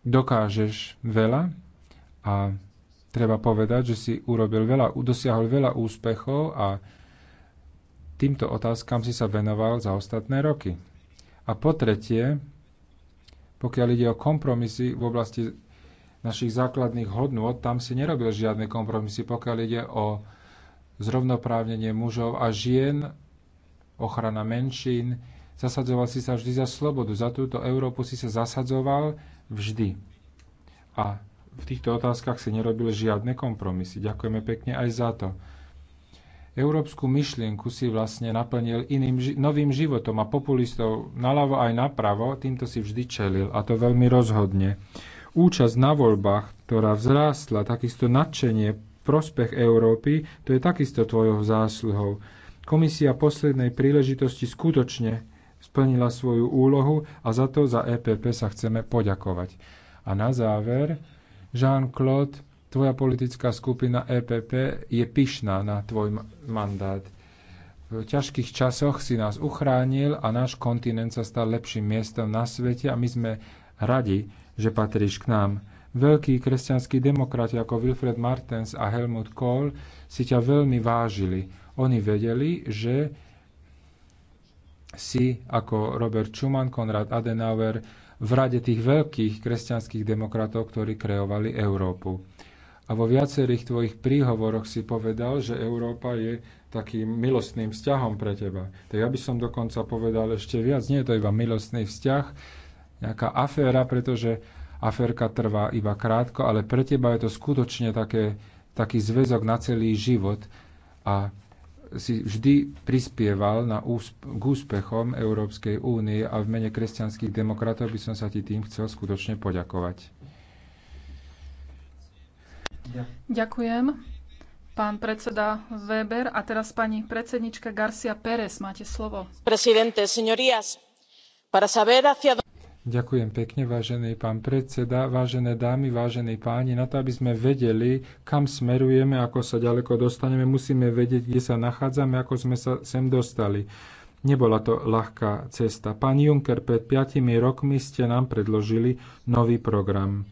dokážeš veľa, a treba povedať, že si urobil veľa, dosiahol veľa úspechov a týmto otázkam si sa venoval za ostatné roky. A po tretie, pokiaľ ide o kompromisy v oblasti našich základných hodnôt, tam si nerobil žiadne kompromisy, pokiaľ ide o zrovnoprávnenie mužov a žien, ochrana menšín, zasadzoval si sa vždy za slobodu, za túto Európu si sa zasadzoval vždy. A v týchto otázkach si nerobil žiadne kompromisy. Ďakujeme pekne aj za to. Európsku myšlienku si vlastne naplnil iným, novým životom a populistov naľavo aj napravo, týmto si vždy čelil a to veľmi rozhodne. Účasť na voľbách, ktorá vzrástla, takisto nadšenie, prospech Európy, to je takisto tvojou zásluhou. Komisia poslednej príležitosti skutočne splnila svoju úlohu a za to za EPP sa chceme poďakovať. A na záver, Jean-Claude, tvoja politická skupina EPP je pyšná na tvoj mandát. V ťažkých časoch si nás uchránil a náš kontinent sa stal lepším miestom na svete a my sme radi, že patríš k nám. Veľkí kresťanskí demokrati ako Wilfred Martens a Helmut Kohl si ťa veľmi vážili. Oni vedeli, že si ako Robert Schumann, Konrad Adenauer, v rade tých veľkých kresťanských demokratov, ktorí kreovali Európu. A vo viacerých tvojich príhovoroch si povedal, že Európa je takým milostným vzťahom pre teba. Tak ja by som dokonca povedal ešte viac. Nie je to iba milostný vzťah, nejaká aféra, pretože aférka trvá iba krátko, ale pre teba je to skutočne také, taký zväzok na celý život. A si vždy prispieval na úsp- k úspechom Európskej únie a v mene kresťanských demokratov by som sa ti tým chcel skutočne poďakovať. Ďakujem. Pán predseda Weber a teraz pani predsednička Garcia Pérez, máte slovo. Presidente, señorías, para saber hacia Ďakujem pekne, vážený pán predseda, vážené dámy, vážení páni. Na to, aby sme vedeli, kam smerujeme, ako sa ďaleko dostaneme, musíme vedieť, kde sa nachádzame, ako sme sa sem dostali. Nebola to ľahká cesta. Pán Juncker, pred piatimi rokmi ste nám predložili nový program.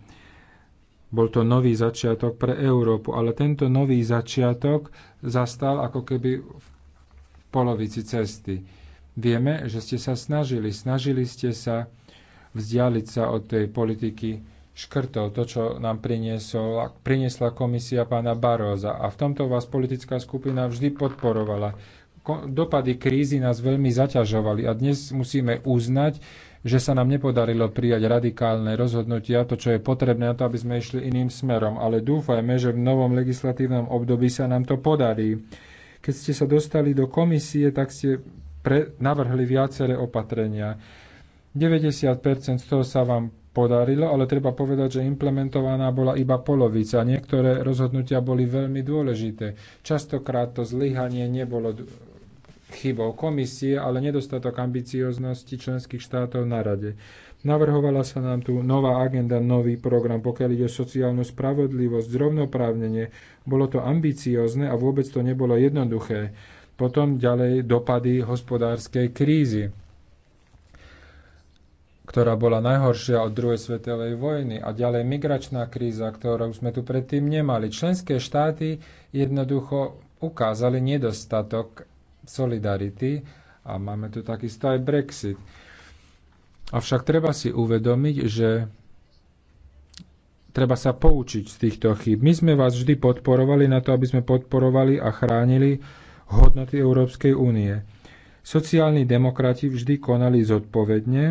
Bol to nový začiatok pre Európu, ale tento nový začiatok zastal ako keby v polovici cesty. Vieme, že ste sa snažili, snažili ste sa vzdialiť sa od tej politiky škrtov, to, čo nám priniesla, priniesla komisia pána Baróza. A v tomto vás politická skupina vždy podporovala. Dopady krízy nás veľmi zaťažovali a dnes musíme uznať, že sa nám nepodarilo prijať radikálne rozhodnutia, to, čo je potrebné na to, aby sme išli iným smerom. Ale dúfajme, že v novom legislatívnom období sa nám to podarí. Keď ste sa dostali do komisie, tak ste pre, navrhli viaceré opatrenia. 90% z toho sa vám podarilo, ale treba povedať, že implementovaná bola iba polovica. Niektoré rozhodnutia boli veľmi dôležité. Častokrát to zlyhanie nebolo chybou komisie, ale nedostatok ambicioznosti členských štátov na rade. Navrhovala sa nám tu nová agenda, nový program, pokiaľ ide o sociálnu spravodlivosť, zrovnoprávnenie. Bolo to ambiciozne a vôbec to nebolo jednoduché. Potom ďalej dopady hospodárskej krízy ktorá bola najhoršia od druhej svetovej vojny a ďalej migračná kríza, ktorú sme tu predtým nemali. Členské štáty jednoducho ukázali nedostatok solidarity a máme tu takisto aj Brexit. Avšak treba si uvedomiť, že treba sa poučiť z týchto chýb. My sme vás vždy podporovali na to, aby sme podporovali a chránili hodnoty Európskej únie. Sociálni demokrati vždy konali zodpovedne,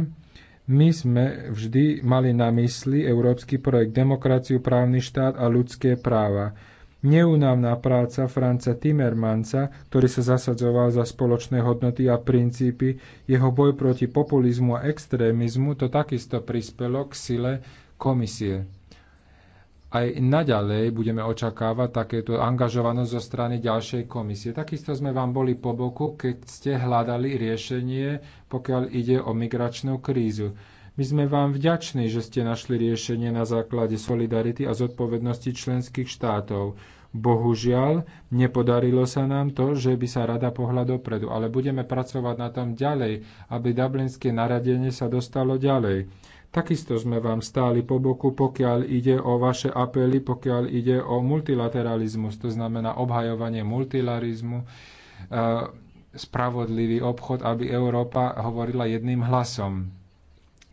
my sme vždy mali na mysli európsky projekt demokraciu, právny štát a ľudské práva. Neúnavná práca Franca Timmermansa, ktorý sa zasadzoval za spoločné hodnoty a princípy, jeho boj proti populizmu a extrémizmu, to takisto prispelo k sile komisie aj naďalej budeme očakávať takéto angažovanosť zo strany ďalšej komisie. Takisto sme vám boli po boku, keď ste hľadali riešenie, pokiaľ ide o migračnú krízu. My sme vám vďační, že ste našli riešenie na základe solidarity a zodpovednosti členských štátov. Bohužiaľ, nepodarilo sa nám to, že by sa rada pohľa dopredu, ale budeme pracovať na tom ďalej, aby dublinské naradenie sa dostalo ďalej Takisto sme vám stáli po boku, pokiaľ ide o vaše apely, pokiaľ ide o multilateralizmus, to znamená obhajovanie multilarizmu, eh, spravodlivý obchod, aby Európa hovorila jedným hlasom.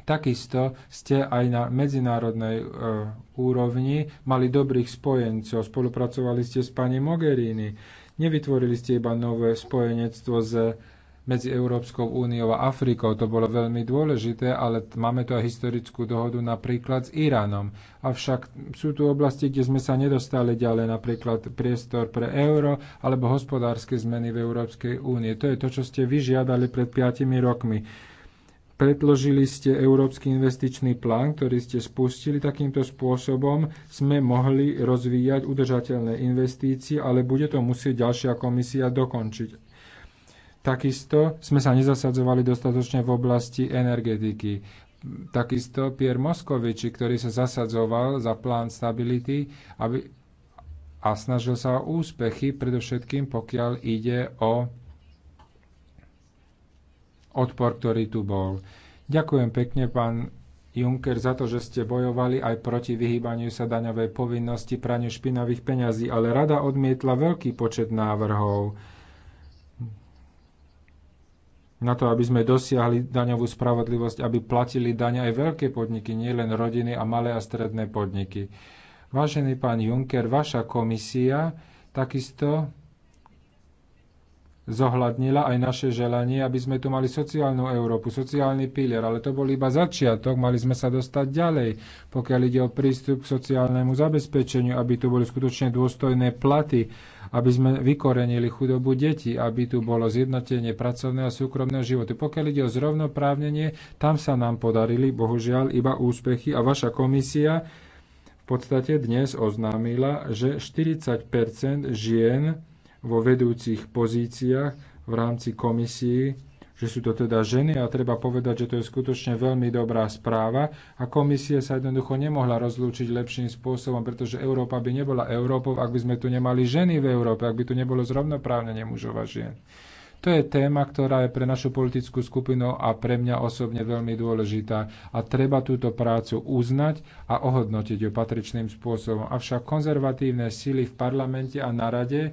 Takisto ste aj na medzinárodnej e, úrovni mali dobrých spojencov, spolupracovali ste s pani Mogherini, nevytvorili ste iba nové spojenectvo s medzi Európskou úniou a Afrikou. To bolo veľmi dôležité, ale máme tu aj historickú dohodu napríklad s Iránom. Avšak sú tu oblasti, kde sme sa nedostali ďalej, napríklad priestor pre euro alebo hospodárske zmeny v Európskej únie. To je to, čo ste vyžiadali pred 5 rokmi predložili ste Európsky investičný plán, ktorý ste spustili takýmto spôsobom, sme mohli rozvíjať udržateľné investície, ale bude to musieť ďalšia komisia dokončiť. Takisto sme sa nezasadzovali dostatočne v oblasti energetiky. Takisto Pierre Moskoviči, ktorý sa zasadzoval za plán stability aby, a snažil sa o úspechy, predovšetkým pokiaľ ide o odpor, ktorý tu bol. Ďakujem pekne, pán Juncker, za to, že ste bojovali aj proti vyhýbaniu sa daňovej povinnosti praniu špinavých peňazí, ale rada odmietla veľký počet návrhov na to, aby sme dosiahli daňovú spravodlivosť, aby platili daň aj veľké podniky, nielen rodiny a malé a stredné podniky. Vážený pán Juncker, vaša komisia takisto zohľadnila aj naše želanie, aby sme tu mali sociálnu Európu, sociálny pilier, ale to bol iba začiatok, mali sme sa dostať ďalej, pokiaľ ide o prístup k sociálnemu zabezpečeniu, aby tu boli skutočne dôstojné platy, aby sme vykorenili chudobu detí, aby tu bolo zjednotenie pracovného a súkromného života. Pokiaľ ide o zrovnoprávnenie, tam sa nám podarili, bohužiaľ, iba úspechy a vaša komisia v podstate dnes oznámila, že 40 žien vo vedúcich pozíciách v rámci komisií, že sú to teda ženy a treba povedať, že to je skutočne veľmi dobrá správa a komisie sa jednoducho nemohla rozlúčiť lepším spôsobom, pretože Európa by nebola Európou, ak by sme tu nemali ženy v Európe, ak by tu nebolo zrovnoprávne mužov a žien. To je téma, ktorá je pre našu politickú skupinu a pre mňa osobne veľmi dôležitá a treba túto prácu uznať a ohodnotiť ju patričným spôsobom. Avšak konzervatívne sily v parlamente a na rade